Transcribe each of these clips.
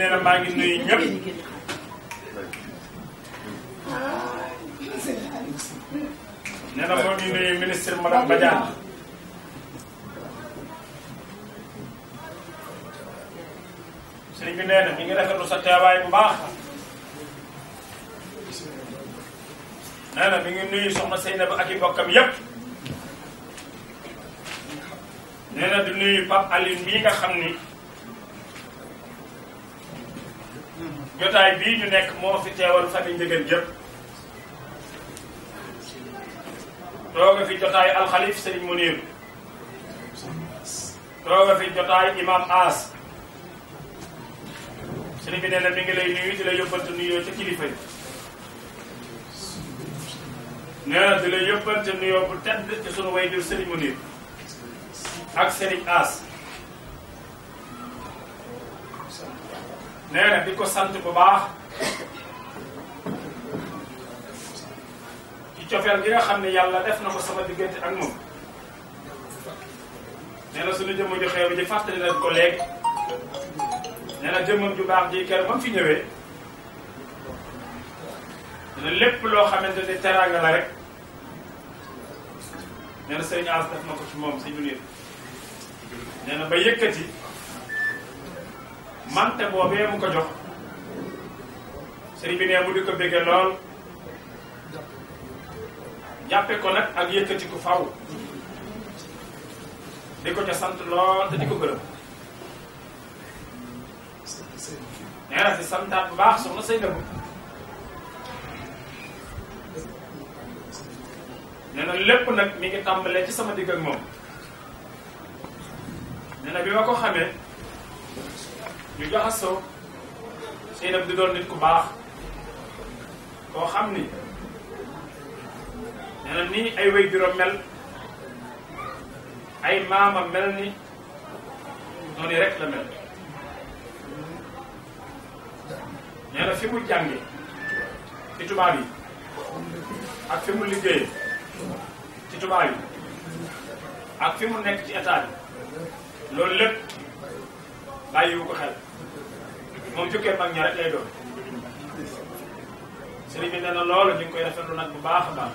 nee maa ngi nuyu ñëpp nee na moo ngi nuyu ministre madame Badiane sëriñ bi nee na mi ngi rafetlu sa teewaay bu baax nee na mi ngi nuyu soxna Seynab ak i bokkam yépp nee na nuyu Pape Aline mii nga xam ni jotaay bii ñu nekk moo fi teewal famille Ndiéguène yëpp tooga fi jotaayu alxalif Serigne tooga fi jotaayu imam As Serigne bi na mi ngi lay nuyu di la yóbbante nuyoo na di la yóbbante nuyoo bu tedd ci sunu wayjur ak Serigne aas nee na di ko sant bu baax ci cofeel gi nga xam ne yàlla def na ko sama diggante ak moom nee suñu jëmm ju xeew ji fàttali nañ ko léegi nee na ju baax ji kër ba fi ñëwee nee lépp loo xamante ne teraanga la rek nee na sëñ def na ko ci moom sëñ Munir nee na ba yëkkati mante boobee mu ko jox sëriñ bi mu di ko béggee lool jàppe ko nag ak yëkkati ko faw di ko ca sant lool te di ko gërëm nee lépp nag mi ngi tàmbalee ci sama digg ak moom nee bi ma ko xamee ñu jaxasoo Seynab di doon nit ku baax koo xam ni nee na ni ay way juróom mel ay maama mel ni noonu rek la mel nee na fi mu jànge ci tubaab yi ak fi mu liggéeye ci tubaab yi ak fi mu nekk ci état bi loolu lépp bàyyiwu ko xel moom jukkee mag ña rek doon sëriñ bi nee na loolu ñu koy rafetlu nag bu baax a baax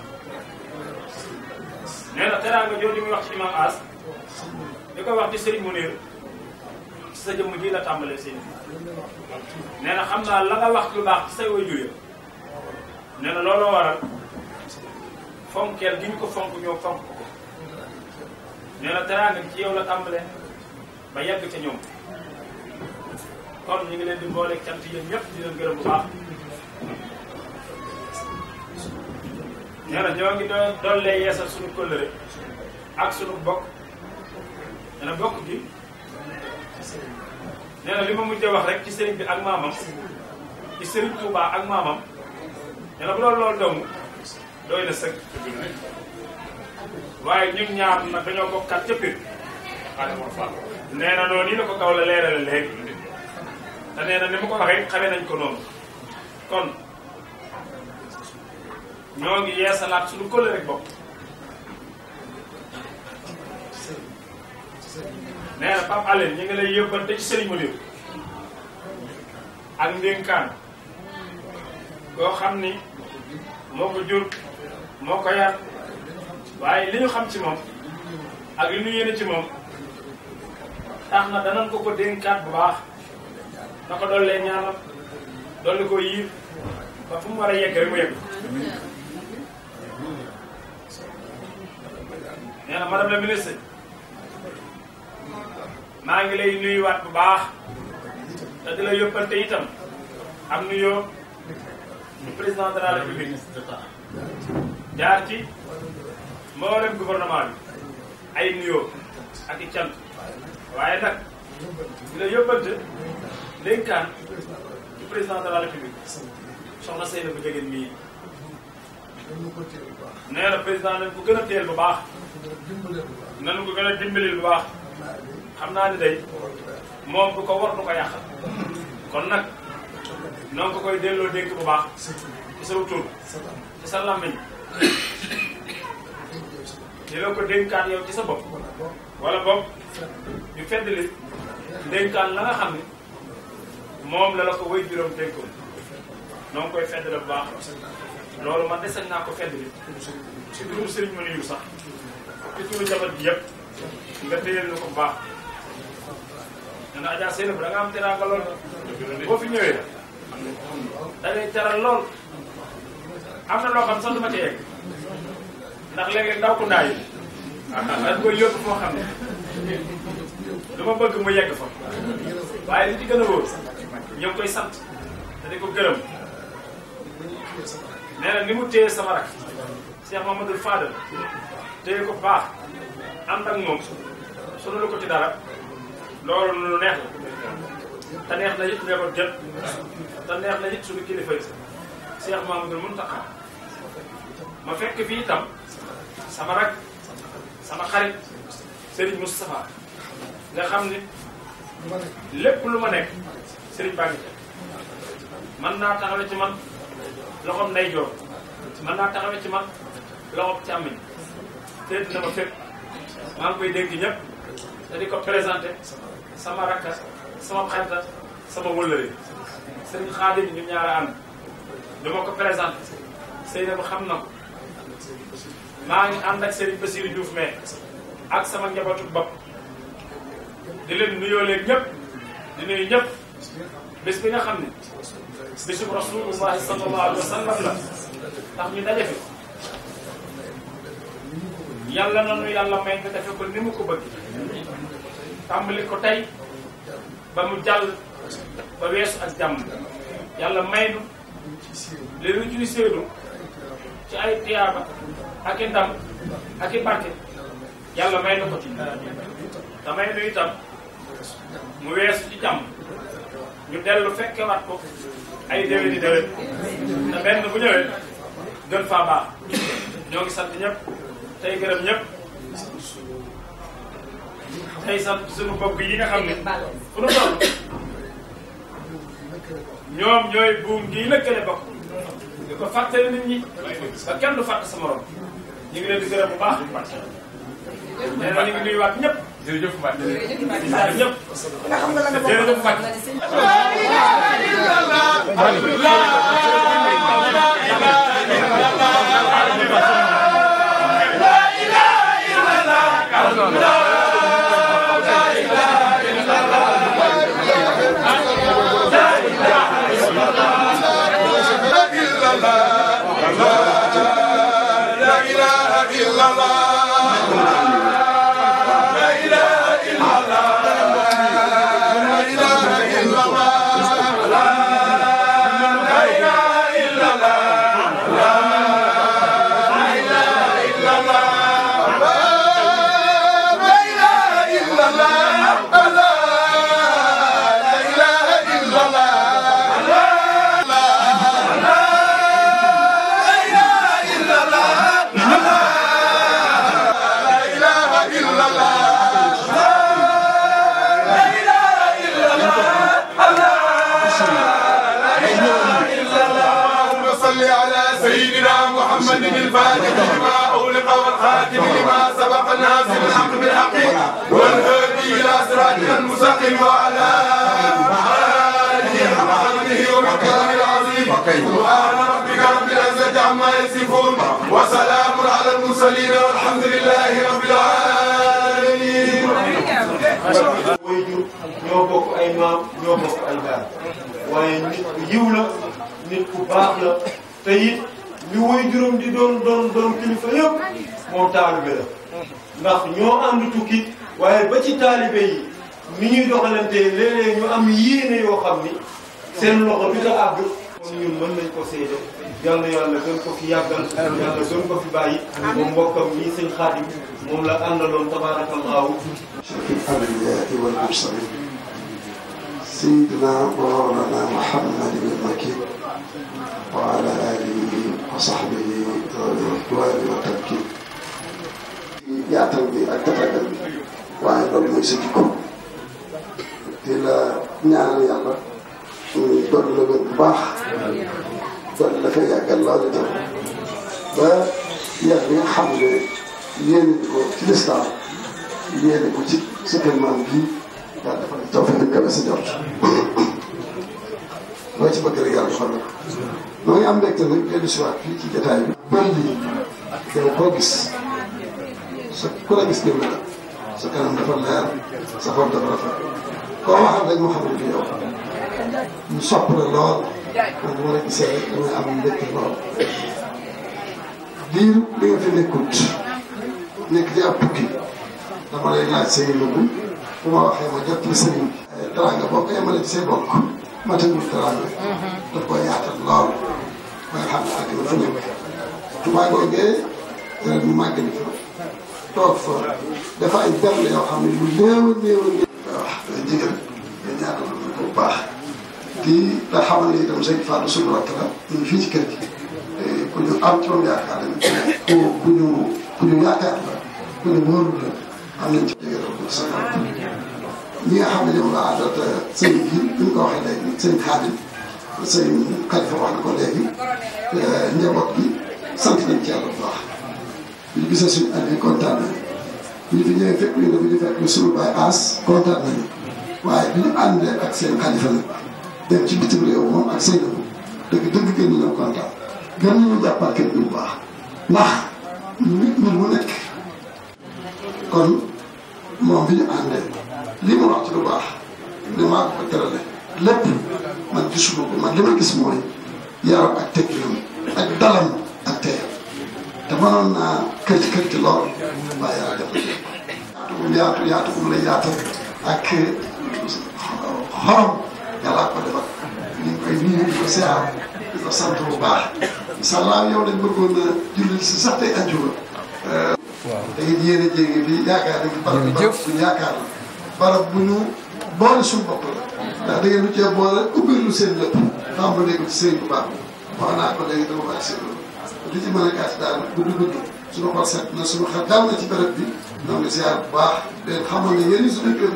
nee na teraanga jooju muy wax ci imam As di ko wax ci sëriñ mu néer ci sa jëmm ji la na xam naa la nga wax lu baax ci say waajur ya nee na looloo waral ko fonk ñoo fonk ko nee na teraanga ci yow la tàmbalee ba yegg ca ñoom kon ñu ngi leen di boole cant yéen ñëpp di leen gërëm bu baax. nee na ñoo ngi doon dollee ak suñu bokk nee na bokk gi li ma mujjee wax rek ci sëriñ bi ak maamam ci sëriñ Touba ak maamam nee na bu loolu loolu dong na sëkk. waaye ñun ñaar nag dañoo bokkaat ca pir. nee na noonu yi la ko kaw la leerale léegi. te nee na ni mu ko waxee xamee nañ ko noonu kon ñoo ngi yeesalaat suñu kële rek bopp nee na Pape Alé ñu ngi lay yóbbante ci Serigne Maliou ak ndénkaan koo xam ni moo ko jur moo ko yar waaye li ñu xam ci moom ak li ñu yéene ci moom tax na danañ ko ko dénkaat bu baax na ko dollee ñaanal dolli ko yiir ba fu mu war a yegg rek mu yegg nee na ministre maa ngi lay nuyuwaat bu baax te di la yóbbante itam am nuyoo du président de la république jaar ci mboolem gouvernement bi ay nuyoo ak i cant waaye nag di la yóbbante ndénkaan ci président de la république soxna Seyda bu jegeen mii nee na président nañ ko gën a teel bu baax nañu ko gën a dimbali bu baax xam naa ni day moom du ko war du ko yàq kon nag noonu ko koy delloo dénk bu baax ci sa tur ci sa làmmiñ di la ko dénkaan yow ci sa bopp wala bopp ñu fedd li dénkaan la nga xam ne moom la la ko way juróom dénkoon noo ngi koy fedd la bu baax ko fedd bi ci turu sëriñ ma niyu sax ci turu jabat bi yëpp na ko bu baax dana ajaa seen bu da nga am teraanga lool boo fi ñëwee da ma ci yegg ndax léeg-léeg ndaw ku ndaa yi dañ koy yóbbu moo xam ne dama bëgg mu yegg fa waaye li ci ñoo koy sant te ko gërëm nee ni mu téye sama rak Cheikh Mamadou Fadal téye ko baax ànd ak moom suñu ko ci dara loolu lu neex la te neex na it neex na it suñu kilifa yi Cheikh Mamadou Mountakha ma fekk fii itam sama rak sama xarit Serigne Moustapha nga xam ni lépp lu ma nekk sëriñ baa ngi mën naa taxawe ci man loxoom ndeyjoor mën naa taxawe ci man loxoom càmmiñ seet na ma fépp maa ngi koy dégg ñëpp te ko présenté sama rakka sama xarita sama wëllëre sëriñ Xaadim dama ko présenté sëy xam na ko maa ngi ànd ak sëriñ Bassirou Diouf mais ak sama njabootu bopp di leen nuyoo leen ñëpp di nuyu ñëpp bés bi nga xam ne bésub rasulullahi sallallahu alayhi la tax ñu daje fi yàlla noonu yàlla may nga defe ko ni mu ko bëgg tàmbali ko tey ba mu jàll ba weesu ak jàmm yàlla may nu li lu ciy séenu ci ay tiyaaba ak i ndam ak i barke yàlla may na ko ci damay nu itam mu weesu ci jàmm ñu dellu fekkewaat ko ay déwéni déwén te benn bu ñëwee gën faa baax ñoo ngi sant ñëpp tey gërëm ñëpp tey sant suñu bokk yi nga xam ne fu nu toll ñoom ñooy buum gi lëkkale bokk di ko fàttali nit ñi ba kenn du fàtt sa morom ñu ngi leen di gërëm bu baax nee na ñu ngi nuyuwaat ñëpp jërëjëf Mbacke jërëjëf Mbacke jërëjëf Mbacke jërëjëf Mbacke Allah والخاتم لما سبق الناس بالحق بالحق والهادي الى صراطنا المستقيم وعلى اله حق قدره ومقداره العظيم سبحان ربك رب العزه عما يصفون وسلام على المرسلين والحمد لله رب العالمين. ñoo bokk ay maam ñoo bokk ay baay waaye nit ku yiw la nit ku baax la te it li woy juróom di doon doon doon kilifa yëpp moom taalibe la ñoo ànd tukki waaye ba ci taalibe yi ni ñuy doxalantee léeg-léeg ñu am yéene yoo xam ni seen loxo du ca àgg kon ñun mën nañ ko seede yal na yàlla gën ko fi yàggal yàlla gën ko fi bàyyi moom mbokkam nii sëñ Xaadim moom la àndaloon tabaarakallaahu alhamdulillahi wal mursalin sayyidina wa mawlana Muhammadin al-Makin wa ala alihi wa sahbihi wa ridwani wa tamkin yaatal bi ak tafadal bi waaye loolu mooy sa jikko di la ñaanal yàlla doon la wér bu baax doon la fa yàggal loolu tam ba yàlla nga xam ne yéene ko ci lislaam yéene ko ci supplement bi daal dafa la coow fi kawe ci bëgg rek yàlla defal la ko noo ngi am mbégte nag si waat fii ci jotaay bi. bëri lii yow sa ku la gis jëm la kanam dafa leer sa bopp dafa rafet koo waxal rek mu xam ne yow ñu sopp la lool kon bu ma la nekkut nekk ci ab tukki dama lay laaj say yëngu ma waxee ma jot eh, daf koy yaatal lool ba xam ne ak la fu nekk tubaab googee dara mu màgg ni fa toog fa dafa ay der la yoo xam ne lu néew a néew a néew. wax dëgg jigéen nga ñaanal bu baax di la xamal ne itam sëñ Fallou suñu rakk la ñu ngi fii ci kër gi eh, ku ñu am ci moom yaakaar nañu ku ku ñu ku ñu yaakaar la ku ñu wóorul la am nañ ci jigéen bu sa ñi nga xam ne ñoom laa àndal sëñ bi bi ñu ko waxee léegi sëñ Xaadim sëñ Khalifa wax na ko léegi eh, njaboot bi sant nañ ci yàlla bu baax. bi ñu gisee suñu année kontaan nañu bi ñu fekk ñu ñu fekk suñu baay aas kontaan nañu waaye bi ñu àndee ak seen xalifa nag dem ci bitim réew moom ak seen dëgg dëgg gën ñu kontaan gën ñu jàppal kër gi bu baax ndax mu nekk kon moom bi ñu àndee li mu wax ci lu baax ne maa ko ko terale lépp man gis mooy yaram ak tegginam ak dalam ak teeyam te noon naa kër ci kër ci lool waaye yàlla def na yaatu yaatu bu mu lay yaatal ak xorom yàlla ko defal ñu koy nuyu di ko seexal sant bu baax incha allah yow dañ bëggoon a jullil si sax tey àjjuma da ngeen yéene jéegi bi yaakaar dañu barab bu ñu boole suñu bopp la ndax da ngeen nu cee boole ubbilu seen lépp tàmbalee ko ci sëriñ bu baax wax naa ko léegi dama baax seen li ci mën a gàtt daal gudd gudd suñu xol set na suñu xel dal na ci béréb bi ñoo ngi ziar bu baax leen xamal ne yéen ñi suñu bi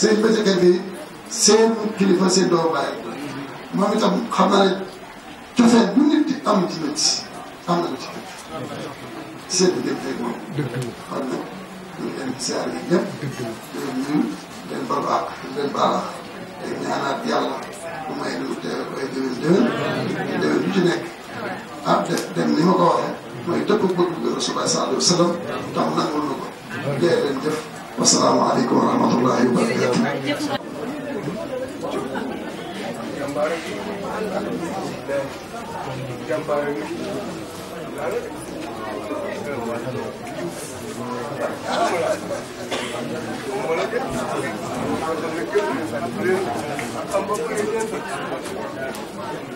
seen bëccëg seen doomu baay moom itam xam naa ne cofeel bu nit di am ci nit am na ci ci seen diggante moom xam na ñu leen yàlla bu may lu teew ay déwén déwén déwén ci nekk ah de dem ni ma ko waxee mooy dëpp bëgg Rasulullah sallallahu alayhi wa sallam tax nangul na ko dee leen jëf wasalaamaaleykum wa rahmatullahi wa barakatu Thank you.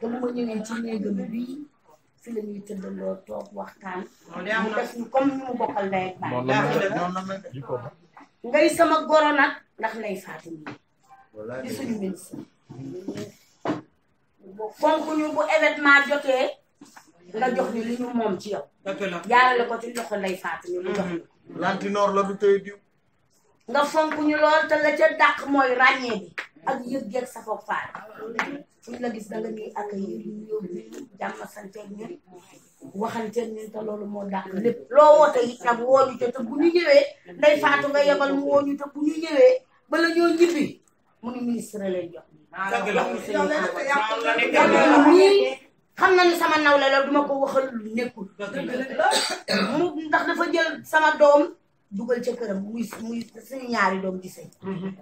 dama ma ñëwee ci néegam bii fi la ñuy toog waxtaan. mu def comme ñu mu bokkal ndey ak ngay sama goro nag ndax lay faatu ñu. di suñu ministre. fonk ñu bu événement jotee nga jox ñu li ñu moom ci yow. jaarale ko ci loxo lay faatu ñu jox ñu. lantinoor la du tey diw. nga fonk ñu lool te la ca dàq mooy ràññee bi ak yëg-yëg sa bopp faal fu ñu la gis da nga ñuy accueillir ñu yóbbu jàmm santeeg ñun waxanteeg ñun te loolu moo dàq lépp loo woote it nag woo ñu te te bu ñu ñëwee nday faatu nga yebal mu woo ñu te bu ñu ñëwee bala ñoo ñibbi mu ni ministre leen jox. xam na ni sama nawle la duma ko waxal lu nekkul. mu ndax dafa jël sama doom. dugal ca këram muy muy suñu ñaari doom di sëy mhm.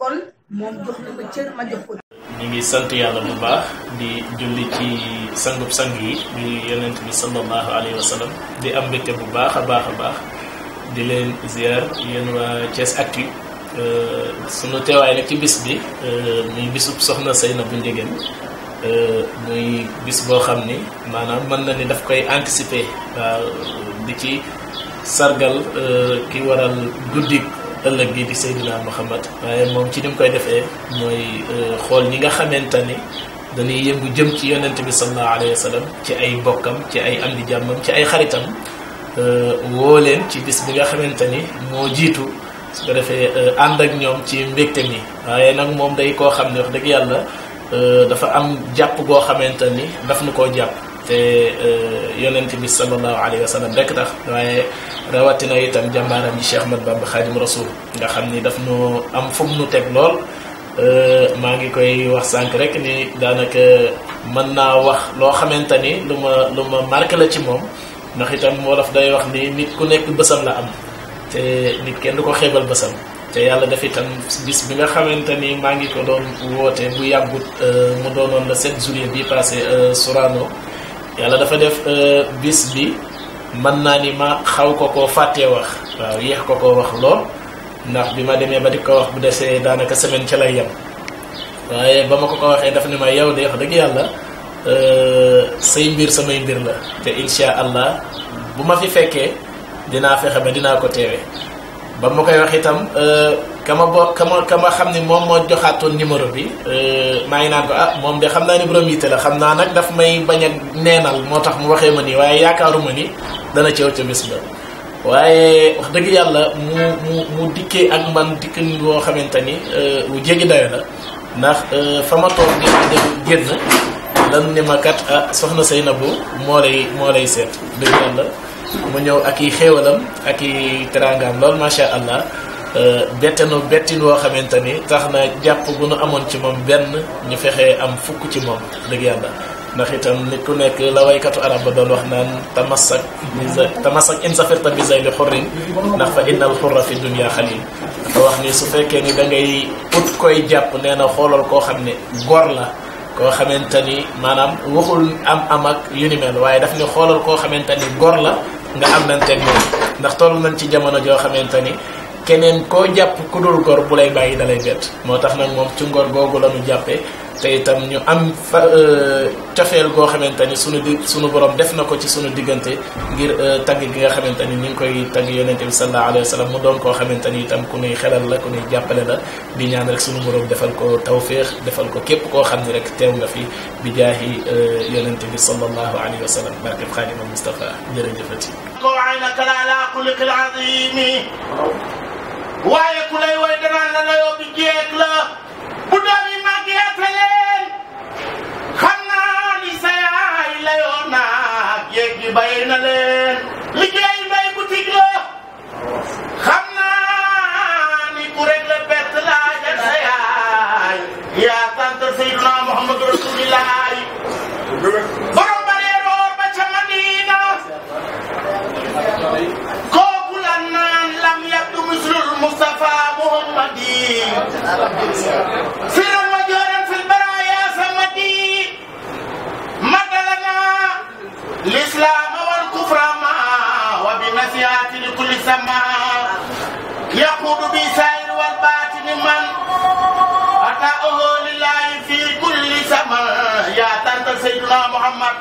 kon moom jox na ma cër ma jox ko ñu ngi sant yàlla bu baax di julli ci sangub sang yi di yonent bi sallallahu alayhi wa sallam di am mbégte bu baax a baax a baax di leen ziar yéen waa Thiès Actu euh, sunu teewaay nag ci bis bi euh, muy bisu soxna Seynabou Ndiéguène euh, muy bis boo xam ni maanaam mën na ni daf koy anticiper waaw di ci sargal euh, ki waral guddi ëllëg gi di Seydina Muhammad waaye moom ci ni mu koy defee mooy euh, xool ñi nga xamante ni dañuy yëngu jëm ci yonent bi sallallahu alayhi wa ci ay mbokkam ci ay am di jàmmam ci ay xaritam euh, woo leen ci bis bi nga xamante ni moo jiitu su ko defee ànd ak ñoom ci mbégte mi waaye nag moom day koo xam ne wax dëgg yàlla dafa am jàpp goo xamante ni daf nu koo jàpp te yonent bi sallallahu alayhi wa sallam tax waaye rawatina itam jàmbaaram yi Cheikh Ahmad Bamba Xaadim Rasul nga xam ni daf nu am foog mu nu teg lool euh, maa ngi koy wax sànq rek ni daanaka mën naa wax loo xamante ni lu ma lu ma marqué la ci moom ndax itam moo daf day wax ni nit ku nekk bësam la am te nit kenn ko xeebal bësam te yàlla def itam bis bi nga xamante ni maa ngi ko doon wootee bu yàggut euh, mu doonoon la 7 juillet bi passé euh, Sorano yàlla dafa def bis bi mën naa ni ma xaw ko koo fàttee wax waaw yéex ko koo wax lool ndax bi ma demee ba di ko wax bu desee daanaka semaine ci lay yem waaye ba ma ko ko waxee daf ne ma yow de wax dëgg yàlla euh, say mbir samay mbir la te insha allah bu ma fi fekkee dinaa fexe ba dinaa ko teewee ba ma koy wax itam euh, kama boo kama kama xam ni moom moo joxaatoon numéro bi euh, maa ngi naan ko ah moom de xam naa ni borom yitte la xam naa nag daf may bañ a neenal moo tax mu waxee ma nii waaye yaakaaruma ni dana ceew ca bis ba waaye dëgg yàlla mu mu mu dikkee ak mban dikk boo xamante ni euh, lu jéggi dayo la ndax euh, fa ma toog ni dem génn lan ni ma kat ah soxna Seynabou moo lay moo lay seet dëgg yàlla mu ñëw ak i xéewalam ak i teraangaam lool macha allah Euh, bettanu bettin woo xamante ni tax na jàpp gu nu amoon ci moom benn ñu fexe am fukk ci moom dëgg yàlla ndax itam nit ku nekk la waykatu arab ba doon wax naan tamasak tamasak in safirta bi zayli xurrin ndax fa innal xurra fi dunia xalil dafa wax ni su fekkee ni da ngay ut koy jàpp nee na xoolal koo xam ne góor la koo xamante ni maanaam waxul am am ak yu ni mel waaye daf ni xoolal koo xamante ni góor la nga am nanteeg moom ndax toll nañ ci jamono joo xamante ni keneen koo jàpp ku dul gor bu lay bàyyi dalay bett moo tax nag moom ci ngor googu la ñu jàppee te itam ñu am fa euh, cofeel goo xamante ni sunu di sunu borom def na ko ci sunu diggante ngir euh, tagg gi nga xamante ni ñu ngi koy tagg yonente bi sallallahu alayhi wa sallam mu doon koo xamante ni ku nuy xelal la nuy jàppale la di ñaan rek sunu borom defal ko tawféex defal ko képp koo xam ni rek teew nga fi bi jaahi euh, yonente bi sallallahu alayhi wa sallam barkeb xaadima Mustafa jërëjëfati. waaye ku lay woy danaan la layoo bi jeeg la bu doom yi màggee leen xam naa ni sa yaay layoo naag yeeg gi bay na leen liggéey mbay boutique la xam naa ni ku rek la bett laaja sa yaay yaa sant Seydina Mouhamadou Rasulillah المصطفى محمدي سرا وجورا في البرايا سمدي مدلنا الإسلام والكفر ما وبنصيحة لكل سماء يقود بسائر والباطن من أتاه لله في كل سماء يا تنت سيدنا محمد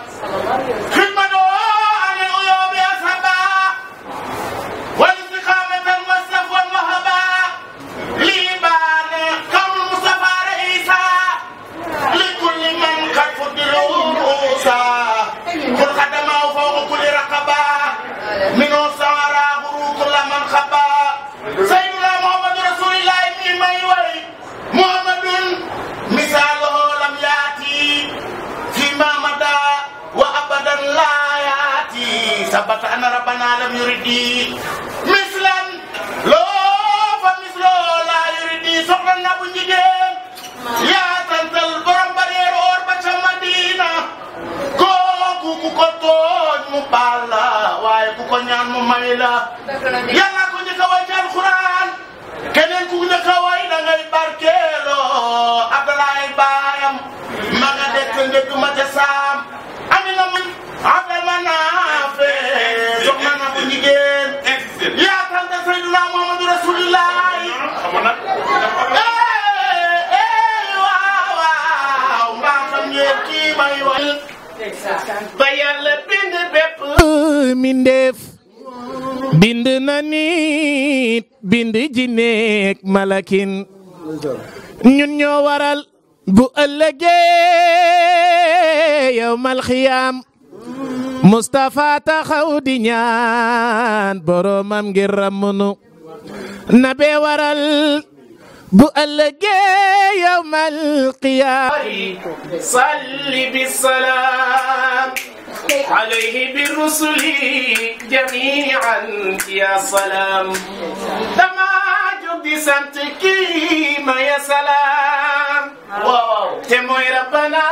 ana rabbana lam yuridi mislan loo fa misloo laa yuridi soxna na bu jigéen yaa tantal borom ba reer oor ba ca Madina kooku ku ko tooñ mu baal la waaye ku ko ñaan mu may la yàlla ko njëkk a way ci alxuraan keneen ku njëkk a way da ngay barkeeloo Abdoulaye baayam ma nga dëkk ndëkk ma ca saam Seydina Muhammadu Rasulullah xam nga waaw waaw mbaa xam ngeen kii may wal ba yàlla bind bépp mindeef malakin ñun waral bu ëllëgee yawmal xiyaam Moustapha taxaw di ñaan boromam ngir ramunu na bee waral bu ëllëgee yawmal qiyaam salli bi salaam alayhi bi rusuli jamiian ya salaam dama jóg di sant kii ma ya salaam waaw te mooy rabbana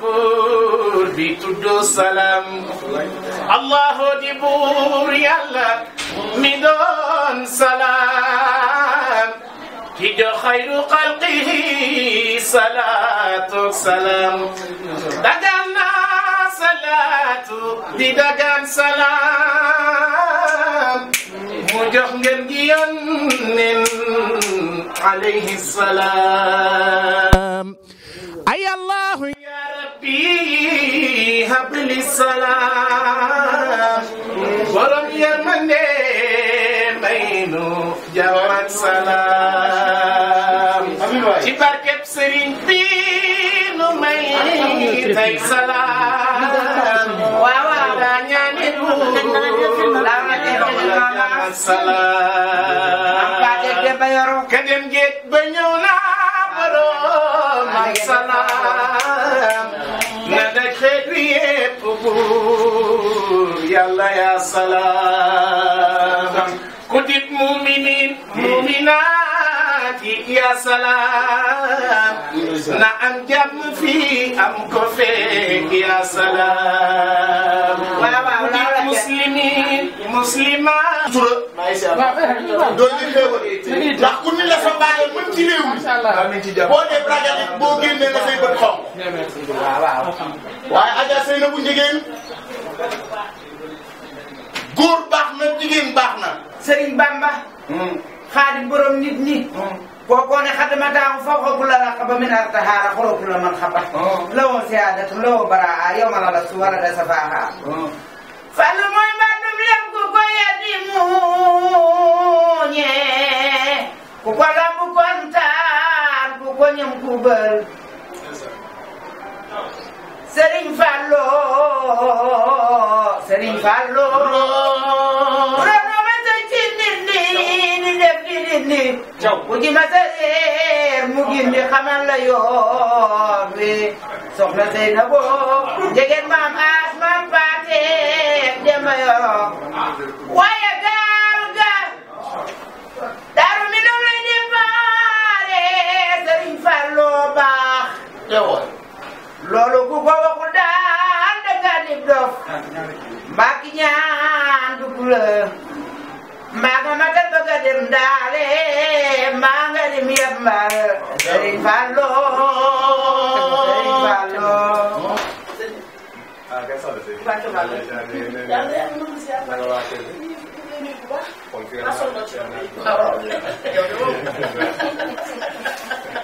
buur bi tuddu salaam allahu di buur yàlla mi doon salaam ki jox xayru xalqihi salaatu salaam dagaan na salaatu di dagaan salaam mu jox ngeen gi yoon nen alayhi salaam حي الله يا ربي هب لي الصلاة ولم يمن بين جوار سلام ci barkeb sëriñ bi nu may tey salaam waaw waaw daa ñaani ruur daa ma dee salaam ka dem géej ba ñëw naa borom ak salaam na daj xeet wi yépp buur yàlla yaa salaam ku dib muminin muminaati yaa salaam na am jàmm fii am ko fekk yaa salaam ku dib muslimin muslimaat tura doo di xéewal ndax ku ni la fa boo dee braguette boo génnee na say bët xonq. waaye Adja sëy na bu jigéen góor baax na jigéen baax na. Serigne Bamba. xaadim hmm. borom nit ñi. kookoo ne xadamataaxu fawqa kulla raqaba min artahaara xoro kulla man xaba hmm. lawo siyaadatu lawo baraa yowma la lastu wala da safaaha hmm. fallu mooy mbaatum lépp ku ko yeddi muñe ku ko lambu kontaan koñam kubal Serigne Fallou Serigne Fallou rono mata ci nit ni ni def ni nit ni ku ci masa reer mu gindi xamal la yoon wi soxna Seynabo jegen maam aas maam paate dema yoro waaye gaal gaal daaru fàlloo baax te woon loolu ku ko waxul daal da nga dib dof ah, mbaa ki ñaan dugg la mbaa nga ma dal bëgg a dem ndaale mbaa nga lim yëpp mbaa sëriñ fàlloo sëriñ fàlloo ah, Gracias.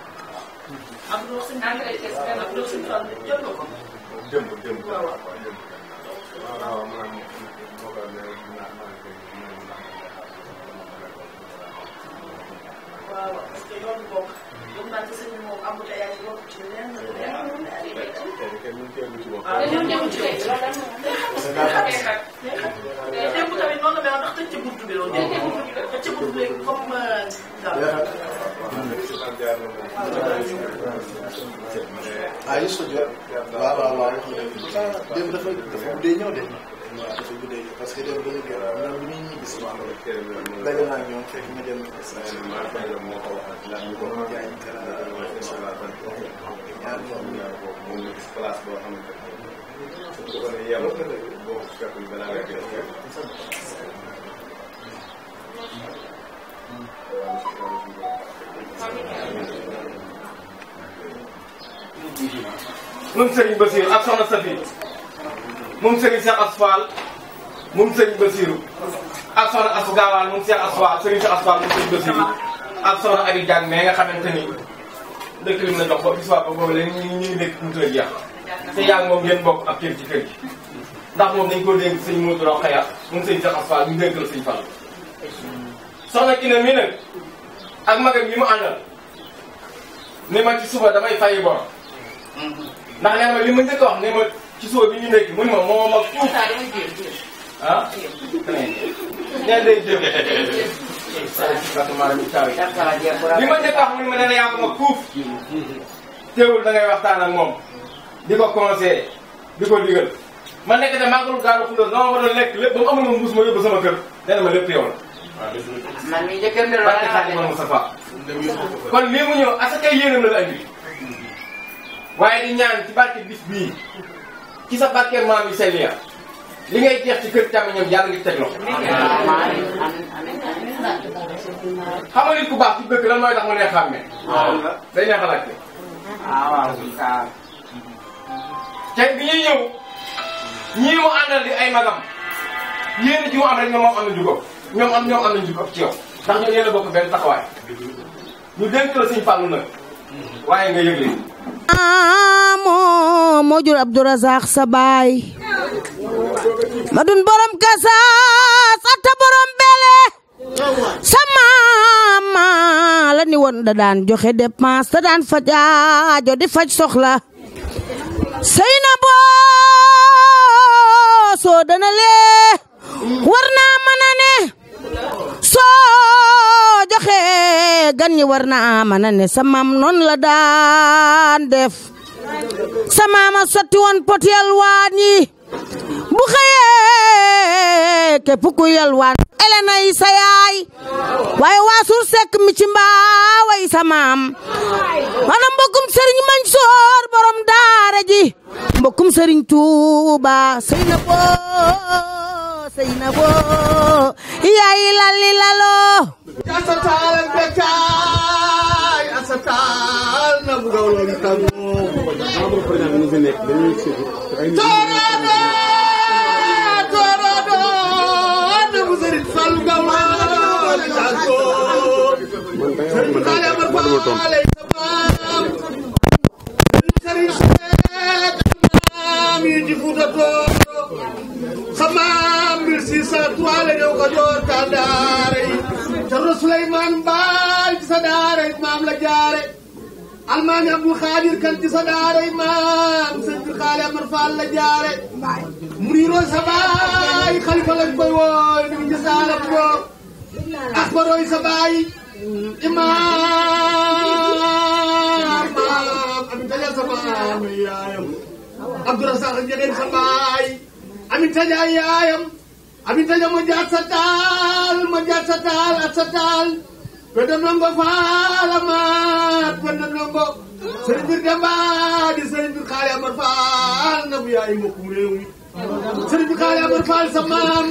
am na suñu engrais test benn ak suñu tool bi jot nga ko. jëm jëm waaw waaw jëm. waaw waaw man moo ko nee naa maa ngi koy maa ngi maa ngi xam waaw parce que yoonu bokk. yow naa ci sëñ bi moom embouteillage bokk ci lenn lenn ay béykat. kenn ñu teewlu ci bokk. waaw dañoo teewlu ci béy loolu lan la xamee nag. démb tamit noonu la mel ndax tëj ca buntu bi loolu. démb buntu bi tëj ca buntu bi comme. ah yi su jot waaw waaw waaw wax nga dëgg démb dafa dafa guddee ñëw de. waaw dafa guddee ñëw parce que démb dañu gën a ñoom ñuy ñibbi si waaw daje naa ñoom fekk ma dem jaay ñu kala ñaar ñoom moom Serigne Bassirou ak soxna Safi moom Serigne Cheikh Asfal moom Serigne Bassirou ak soxna Asou Gaawaan moom Cheikh Asfal Serigne Cheikh Asfal moom Serigne Bassirou ak soxna Abi Diagne mais nga xamante ni dëkk lim na dox ba bis waa ba boobu léegi ñu ngi nekk mu tëj te yaa ngi moom ngeen bokk ak kër ci kër gi ndax moom dañ ko dénk sëñ Modou Rokhaya moom Serigne Cheikh Asfal ñu dénkal sëñ Fall soxna Kine ak magam yi mu àndal ne ma ci damay fayi bor ndax ma li ma njëkk wax ne ma ci suba bi ñu nekk mu ne ma moo mag fuuf ah nee day jéem li ma njëkk ne ma nee na yaa ko mag fuuf teewul da ngay waxtaan ak moom di ko conseillé di ko digal man nekk te maagul gaalu xulóo na ma ma doon lekk lépp ba mu amul ma mbuus ma yóbbu sama na ma lépp yow man mii njëkkër ne la la kon lii mu la la andi waaye di ñaan ci barke bis bii ci sa barke maam yi seen li ngay jeex ci kër càmmiñam yàlla ngi teg loxo. xam nga nit ku baax ci bëgg lan mooy tax mu neex xàmmee. day neex a laajte. Ah, te bi ñuy ñëw ñii di ay magam yéen a ji mu am rek ne moom am ñoom am ñoom am nañu ci yow ndax ñoo yéen a la waaye nga yëgle amo moo jur Abdourazaq sa ma dun borom kasaas atta borom bele sama la ni woon da daan joxe dépense da daan faj di faj soxla sëy boo soo dana lee gan ñi war na amana ne sa maam la daan def sa maama sotti woon pot yalwaan yi bu xëyee képp ku yalwaan elena yi yaay waaye waasur sekk mi ci mbaawa yi maam ana mbokkum sëriñ Mansoor borom daara ji mbokkum sëriñ Tuuba sëy boo sëy boo yaayi lalli laloo asatal bekkaay asatal na bu gaw loolu tam toorado na bu sëriñ Fallu gaw loolu jagoor sëriñ Fallu amar faale sabam sëriñ Seex maam yi ji Fuuta Tooro sa maam mbir si sa toile ñëw ko joor kandaare Cerno Suleymaan Mbaay ci sa daaray maam la jaare almaami Abdul Xaadir kan ci sa daaray maam sëñ bi xaale Amar Fall la jaare muriiroo sa baay xalifa lañ koy wooy di ci saalab boo axbarooy sa baay imaam maam ami tajal sa baay yaayam Abdurasaq njegeen sa baay ami tajal yaayam Aminta Dia ma jaat sa taal ma jaat sa taal ak sa taal Penda Ndongo Faal amaat Penda Ndongo sëriñ bir Demba di sëriñ bir Xaali Amar Faal na bu yaay mbokkum réew mi sëriñ bir Xaali Amar Faal sa maam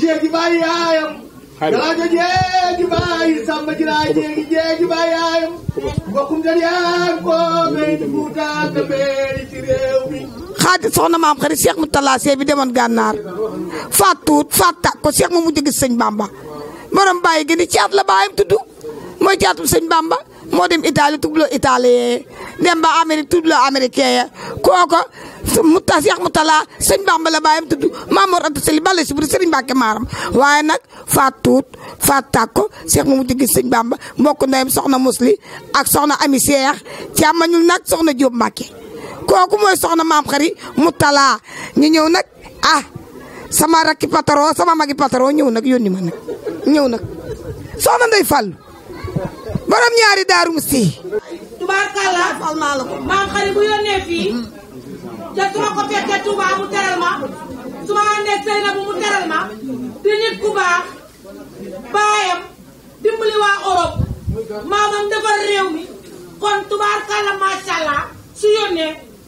jéegi baay yaayam galaajo jéegi baay samba jiraa jéegi jéegi baay yaayam mbokkum dal yaayam koo may di buutaat na meeri ci réew mi xaati soxna maam xarit Cheikh Moutalla Sey bi demoon gànnaar faat tuut faat tàkk ko Cheikh ma mujj gis sëñ Bamba borom bàyyi gi ni caat la baayam tudd sëñ Bamba moo dem Italie tuddloo italien dem ba Amérique tuddloo américain ya kooko mutta Cheikh Moutalla sëñ Bamba la baayam tudd Mamoor Anta Sali bala si buri sëriñ maaram waaye nag faat tuut faat tàkk ko Cheikh ma mujj gis sëñ Bamba mbokk ndeyam soxna Musli ak soxna Ami Cheikh càmmañul nag soxna Jóob Mbàkke kooku mooy soxna maam xari mu talaa ñu ñëw nag ah sama rakki pataro sama magi pataro ñëw nag yónni ma nag ñëw nag soxna Ndeye Fallou borom ñaari daarum si. tubaarkàlla fal naa la ko. maam xari bu réew mi kon tubaarkàlla macha allah su yónnee.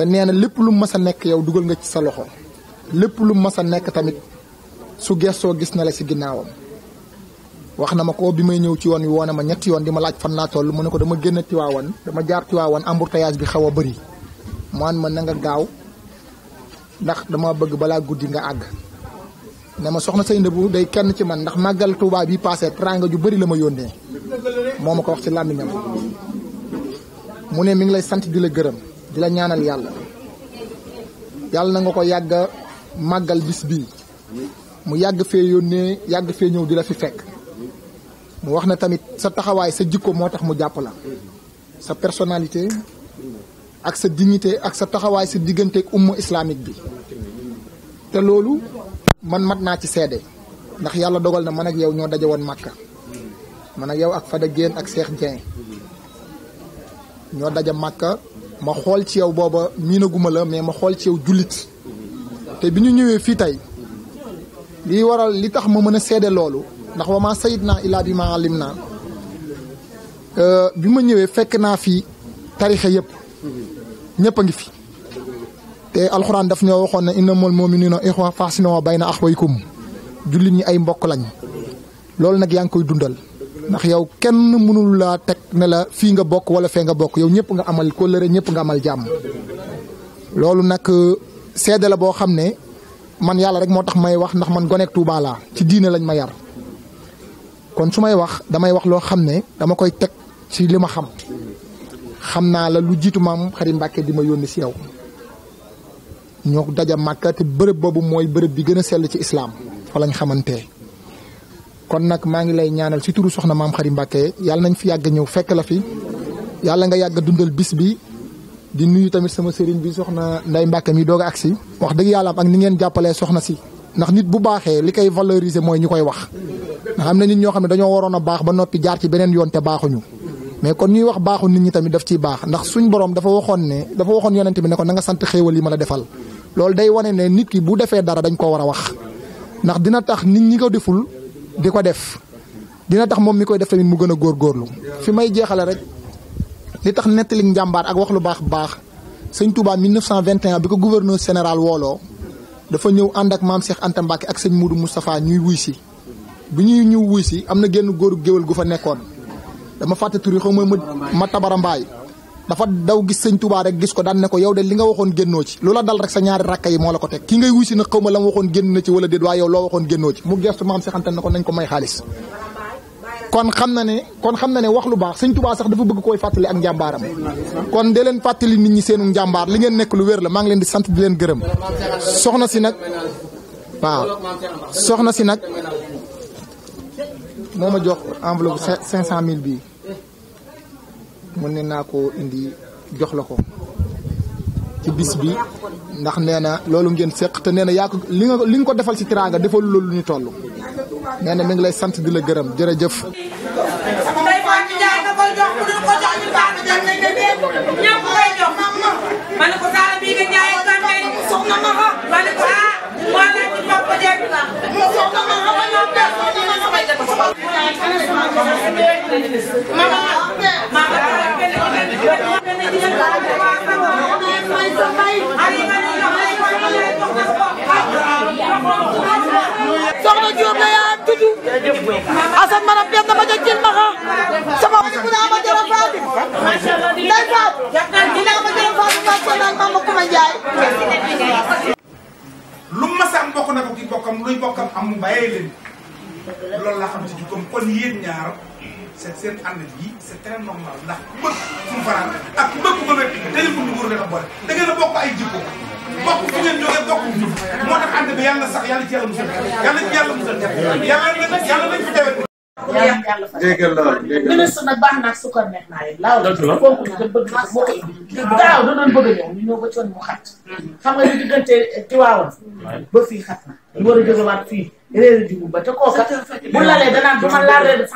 te nee na lépp lu mës a nekk yow dugal nga ci sa loxo lépp lu mës a nekk tamit su gestoo gis na la si ginnaawam wax na ma ko bi may ñëw ci yoon wi woone ma ñetti yoon di ma laaj fan laa toll mu ne ko dama génn Tiwaawan dama jaar Tiwaawan embouteillage bi xaw a bëri man ma na nga gaaw ndax dama bëgg balaa guddi nga àgg ne ma soxna Sey Ndebou day kenn ci man ndax màggal Tuubaa bi passé teraanga ju bari la ma yónnee moo ma ko wax ci làmmiñam mu ne mi ngi lay sant di la gërëm di la ñaanal yàlla yàlla na nga ko yàgg màggal bis bii mu yàgg fee yónnee yàgg fee ñëw di la fi fekk mu wax na tamit sa taxawaay sa jikko moo tax mu jàpp la sa personnalité ak sa dignité ak sa taxawaay sa digganteeg umma islamique bi te loolu man mat naa ci seede ndax yàlla dogal na man ak yow ñoo daje woon màkka man ak yow ak Fada Dieng ak Cheikh Dieng ñoo daja màkka ma xool ci yow booba miinaguma la mais ma xool ci yow jullit te bi ñu ñëwee fii tey li waral li tax ma mën a seede loolu ndax wa maa sayid naa illaa bi ma alim naa euh, bi ma ñëwee fekk naa fi tarixe yëpp ñëpp a ngi fi te alxuraan daf ñoo waxoon ne innamal mu'minuuna ixwa faxsinoo bayna axwaykum jullit ñi ay mbokk lañ loolu nag yaa ngi koy dundal ndax yow kenn mënul laa teg ne la fii nga bokk wala fee nga bokk yow ñëpp nga amal kóllëre ñëpp nga amal jàmm loolu nag euh, seede la boo xam ne man yàlla rek moo tax may wax ndax man goneek Tuuba laa ci diine lañ ma yar kon su may wax damay wax loo xam ne dama koy teg ci li ma xam xam naa la lu jiitu maam Xadim Mbàkke di ma yónni si yow ñoo daja Màkka te bërëb boobu mooy bërëb bi gën a sell ci islaam fa lañ xamante kon nag maa ngi lay ñaanal si turu soxna maam Xari Mbàkke yàlla nañ fi yàgg ñëw fekk la fi yàlla nga yàgg dundal bis bi di nuyu tamit sama sëriñ bi soxna Ndey Mbàkke mi doog a agsi wax dëgg yàlla ak ni ngeen jàppalee soxna si ndax nit bu baaxee li koy valoriser mooy ñu koy wax ndax am na nit ñoo xam ne dañoo waroon a baax ba noppi jaar ci beneen yoon te baaxuñu mais kon ñuy wax baaxu nit ñi tamit daf ciy baax ndax suñ borom dafa waxoon ne dafa waxoon yonent bi ne ko na nga sant xéewal yi ma la defal loolu day wane ne nit ki bu defee dara dañ ko war a wax ndax dina tax nit ñi ko deful di ko def dina tax moom mi koy def tamit mu gën a góorlu fi may jeexale rek li tax nettali njàmbaar ak wax lu baax baax sëñ Touba 1921 bi ko gouverneur général wooloo dafa ñëw ànd ak maam Cheikh Anta ak sëñ Moudou Moustapha ñuy wuy si bi ñuy ñëw wuy si am na génn góoru géwél gu fa nekkoon dama fàtte turi mooy ma ma tabara mbaay dafa daw gis sañ Tuubaa rek gis ko daan ne ko yow de li nga waxoon génnoo ci lu la dal rek sa ñaari rakka yi moo la ko teg ki ngay wuy si na xaw ma la ma waxoon génn na ci wala déet waaye yow loo waxoon génnoo ci mu gestu maam si xante ko nañ ko may xaalis kon xam na ne kon xam na ne wax lu baax sëñ Tuubaa sax dafa bëgg koy fàttali ak njàmbaaram kon de leen fàttali nit ñi seenu njàmbaar li ngeen nekk lu wér la maa ngi leen di sant di leen gërëm soxna si nag waaw soxna si nag moo ma jox enveloppe cinq cent mille bii mën ne naa koo indi jox la ko ci bis bi ndax nee na loolu ngeen seq te nee na yaa ko li nga li nga ko defal ci teraanga defal loolu ñu toll nee na mi ngi lay sant di la gërëm jërëjëf. ko ah, moo nekk ci bopp dégg nga. moom moom moom moom moom père moom moom moom mooy dëkk. maman maman dafa benn benn benn jigéen laa la ko wax. soxna Diop la yaa tudd. mbokkam am mu bàyyee leen loolu laa xam ci jikkoom kon yéen ñaar seen seen ànd gi c'est très normal ndax ku bëgg fu mu faral ak ku bëgg ku bëgg dañu ko dugub dafa boole da ngeen a bokk ay jikko bokk fu ngeen jógee bokk ñu moo tax ànd bi yàlla sax yàlla ci yàlla musal yàlla ci yàlla musal yàlla na yàlla nañ fi teewee dégg nga loolu dégg nga ministre nag baax naa sukar neex naa leen. laaw la kooku ñu doon bëgg moo ko indi. daaw da doon bëgg a ñëw ñu ñëw ba coon mu xat. xam nga li diggante Tiwaawan. ba fii xat na. ñu war a jógewaat fii réer di ba te kooka bu lalee danaan bu ma laal réer de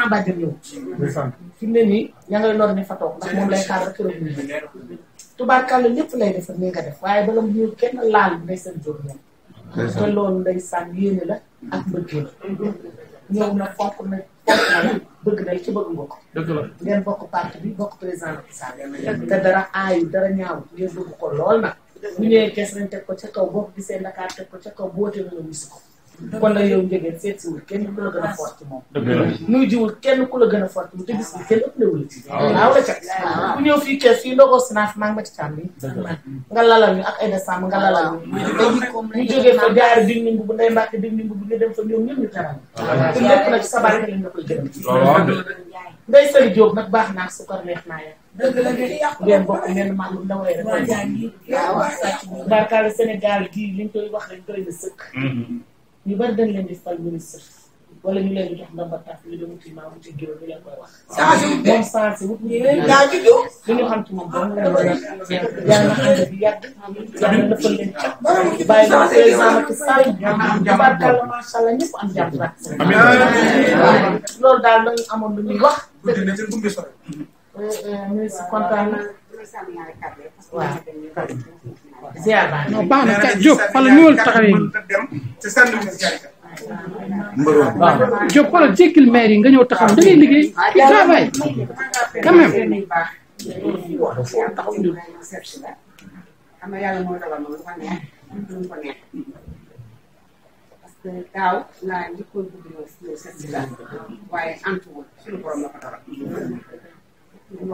sans fi mu ne nii ña ngay lor ne fa moom lay xaar rek keroog ñu tubaarkàlla lépp lay defar nii nga def waaye bala mu kenn laal nday seen jóg ñoom. te loolu nday sànn yéene la ak mbëggeel ñëw na fonk na fonk bëgg na ci bëgg nga ko. dëgg la ngeen bokk parti bi bokk président bi. te dara aayu dara ñaaw ngeen bëgg ko lool nag. bu ñëwee kees nañ teg ko ca kaw boo ko gisee Ndakaar teg ko ca kaw boote na nga ko kon nag yow njëgeen seet ku la gën a fort moom. nuy jiwul kenn ku la gën a fort moom te gis nga kenn ëpp léwu la ci. Ah waaw la ca ku ñëw fii kees fii ndogoo si bi. nga lalal ñu ak ay décembre nga lalal ñu. Ah, ñu jógee fa jaar bi ñu bu ndey mbàkk bi ñu bu ñu dem fa ñoom ñëpp ñu taral. Ah. te lépp nag sa barke lañ la koy gërëm. ndey sëkk mm-hmm. ñu bari dañ leen di fal ministre wala ñu leen di jox ndamba taf ñu ne wuti maa wuti ñu leen koy wax. moom saa wut ñu ñu xam ci moom moom la ñu leen yàlla na ànd bi yàgg. yàlla defal leen cap. bàyyi leen président Macky Sall. tabaarkalla macha ñëpp am jàmm la. loolu daal lañu amoon lu muy wax. Euh, euh, ministre kontaan na. waaw ziar baax na baax na kay Diop xoolal ni wala taxawee waaw Diop xoolal jékkil maire yi nga ñëw taxaw da liggéey ah, il travaille quand xam nga yàlla moo dogal moom lu ko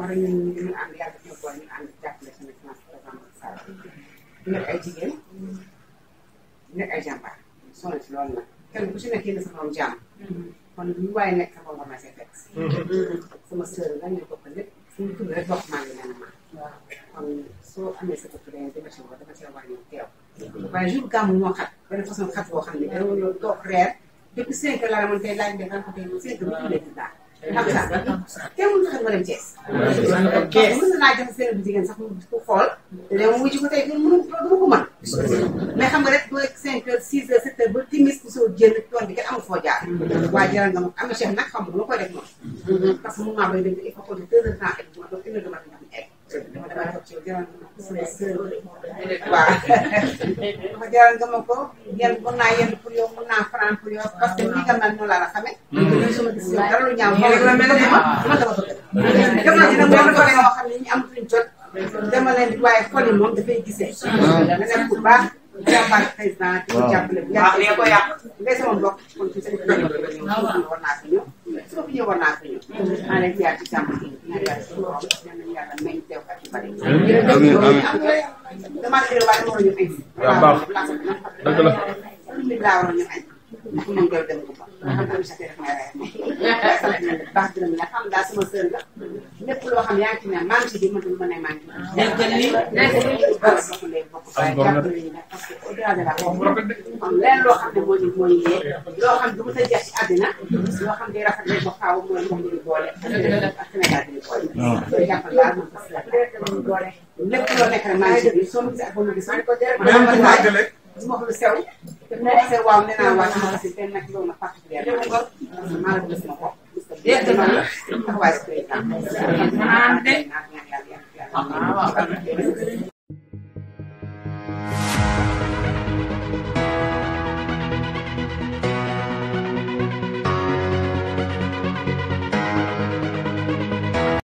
a ñun ñu ànd nekk ay jigéen nekk ay jàmbaar sonn ci loolu nag kenn ku ci nekk yéen sa moom jàmm kon lu waaye nekk sa moom commencé fekk sama sœur nga ñu ñu tudd rek ma kon soo amee sa bopp dañuy dama ci woo dama ci wàññi teew waaye jour gàmmu moo xat benn façon xat boo xam ne dañoo toog reer depuis cinq heures laa mën tey laaj de xam ko am sax teewul na xam nga dem Thiès. ok mën naa jox seen bu jigéen sax mu xool. te de moom ko tey mënu mënu ko mën. mais xam nga rek bu nekk 5 heures 6 heures ba timis bu soo génn tool bi kenn amul foo jaar. waaye jaral nga moom am na chef nag xam nga lu ma def moom. parce que moment bii dañu ko il faut que 2 heures temps et puis ma doon 1 heure de waaw ma jaral nga ma ko yéen mën naa yéen pour yow mën naa faram pour yow parce que nii nga mel laa la xamee. ñun sama gis yow la mel ne ma man dama ko def. dem na waaye xol moom dafay gisee. da nekk bu baax. jàppal président di ko jàppale. waaw nee ko yàq ngay sama mbokk kon ci sa war naa ko ñëw su amiin amiin fu ñu koy dem mm-hmm. ko fa. xam nga sa kër may waaye baax dina mi nag xam daal sama sër la. lépp loo xam yaa ngi ci ne maa ngi ci biir mënatu ma ne maa ngi ci. dégg nga nii dégg nga nii bokk nañ bokk waaye jàpp nañu nag parce que au delà de la am leneen loo xam ne moo ñu mooy yee loo xam du ma sa jeex ci àddina. Mm-hmm. loo xam day rafet rek ba faaw mooy moom la ñu boole. ak Sénégal bi ñu boole. loolu jàppal daal moom parce que lépp loo nekk rek maa ngi ci biir soo mu gisee ak ñu wax lu sew. te mu wax sew waaw nee naa waaw ci si kenn nag loolu la particulier la. maa la gis ma ko. dégg naa la taxawaay si président. maa de. waaw waaw.